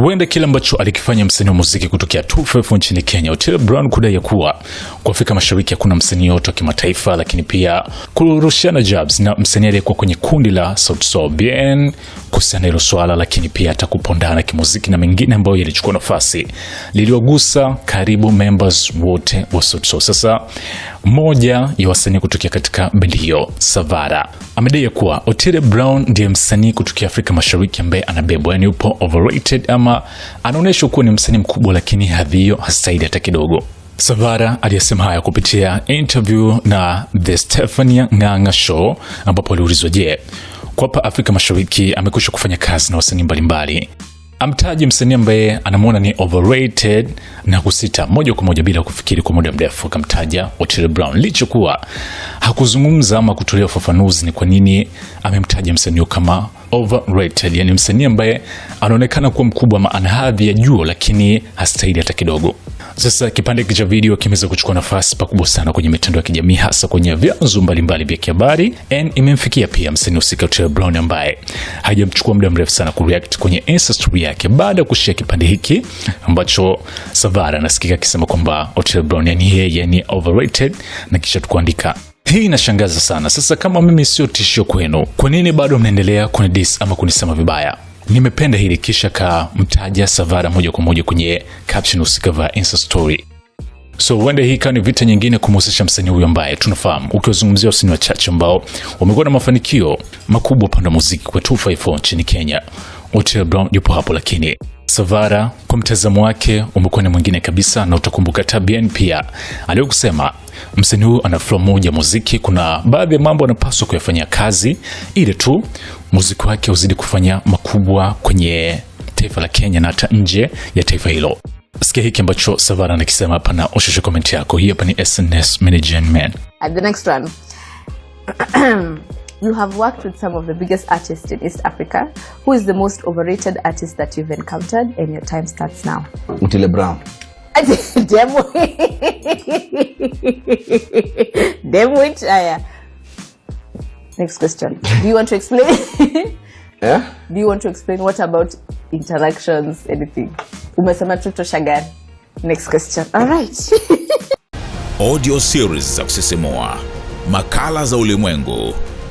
Huenda kile ambacho alikifanya msanii wa muziki kutokea 2 nchini Kenya, Otile Brown kudai ya kuwa kwa Afrika Mashariki hakuna msanii yote wa kimataifa, lakini pia kurushiana jabs na msanii aliyekuwa kwenye kundi la Sauti Sol Bien kuhusiana hilo swala, lakini pia hata kupondana kimuziki na mengine ambayo yalichukua nafasi, liliwagusa karibu members wote wa Sauti Sol. Sasa mmoja ya wasanii kutokea katika bendi hiyo Savara amedai ya kuwa Otile Brown ndiye msanii kutokea Afrika Mashariki ambaye anabebwa, yani yupo overrated ama kama anaonyesha kuwa ni msanii mkubwa, lakini hadhi hiyo hasaidi hata kidogo. Savara aliyesema haya kupitia interview na The Stephanie Ng'ang'a Show, ambapo aliulizwa je, kwapa Afrika Mashariki amekwisha kufanya kazi na wasanii mbalimbali amtaji msanii ambaye anamwona ni overrated na kusita moja kwa moja bila kufikiri kwa muda mrefu akamtaja Otile Brown, licha kuwa hakuzungumza ama kutolea ufafanuzi ni kwa nini amemtaja msanii kama overrated, yani msanii ambaye anaonekana kuwa mkubwa ama ana hadhi ya juu, lakini hastahili hata kidogo. Sasa kipande hiki cha video kimeweza kuchukua nafasi pakubwa sana kwenye mitandao ya kijamii, hasa kwenye vyanzo mbalimbali vya kihabari, and imemfikia pia msanii husika Otile Brown ambaye hajamchukua muda mrefu sana kureact kwenye Insta story yake baada ya kushia kipande hiki ambacho Savara anasikika akisema kwamba Otile oh, Brown yani yeye ni overrated na kisha tukuandika hii inashangaza sana. Sasa kama mimi sio tishio kwenu, kwa nini bado mnaendelea kunidis ama kunisema vibaya? Nimependa hili kisha ka mtaja Savara moja kwa moja kwenye caption husika va Insta story. So huenda hii ikawa ni vita nyingine kumhusisha msanii huyo ambaye tunafahamu, ukiwazungumzia wasanii wachache ambao wamekuwa na mafanikio makubwa upande wa muziki kwa 254 nchini Kenya. Otile Brown yupo hapo lakini Savara kwa mtazamo wake umekuwa ni mwingine kabisa, na utakumbuka Tabian pia aliyokusema msanii huyu ana flow moja muziki. Kuna baadhi ya mambo anapaswa kuyafanyia kazi ili tu muziki wake uzidi kufanya makubwa kwenye taifa la Kenya na hata nje ya taifa hilo. Sikia hiki ambacho Savara anakisema hapa na ushushe komenti yako. Hii hapa ni SNS Management. At uh, the next one You have worked with some of the biggest artists in East Africa. Who is the most overrated artist that you've encountered? And your time starts now. Mutile Brown. Demo. Demo chaya. Next question. Do you want to explain? yeah? Do you want to explain what about interactions, anything? Umesema tuto shagan. Next question. All right. Audio series za kusisimua, makala za ulimwengu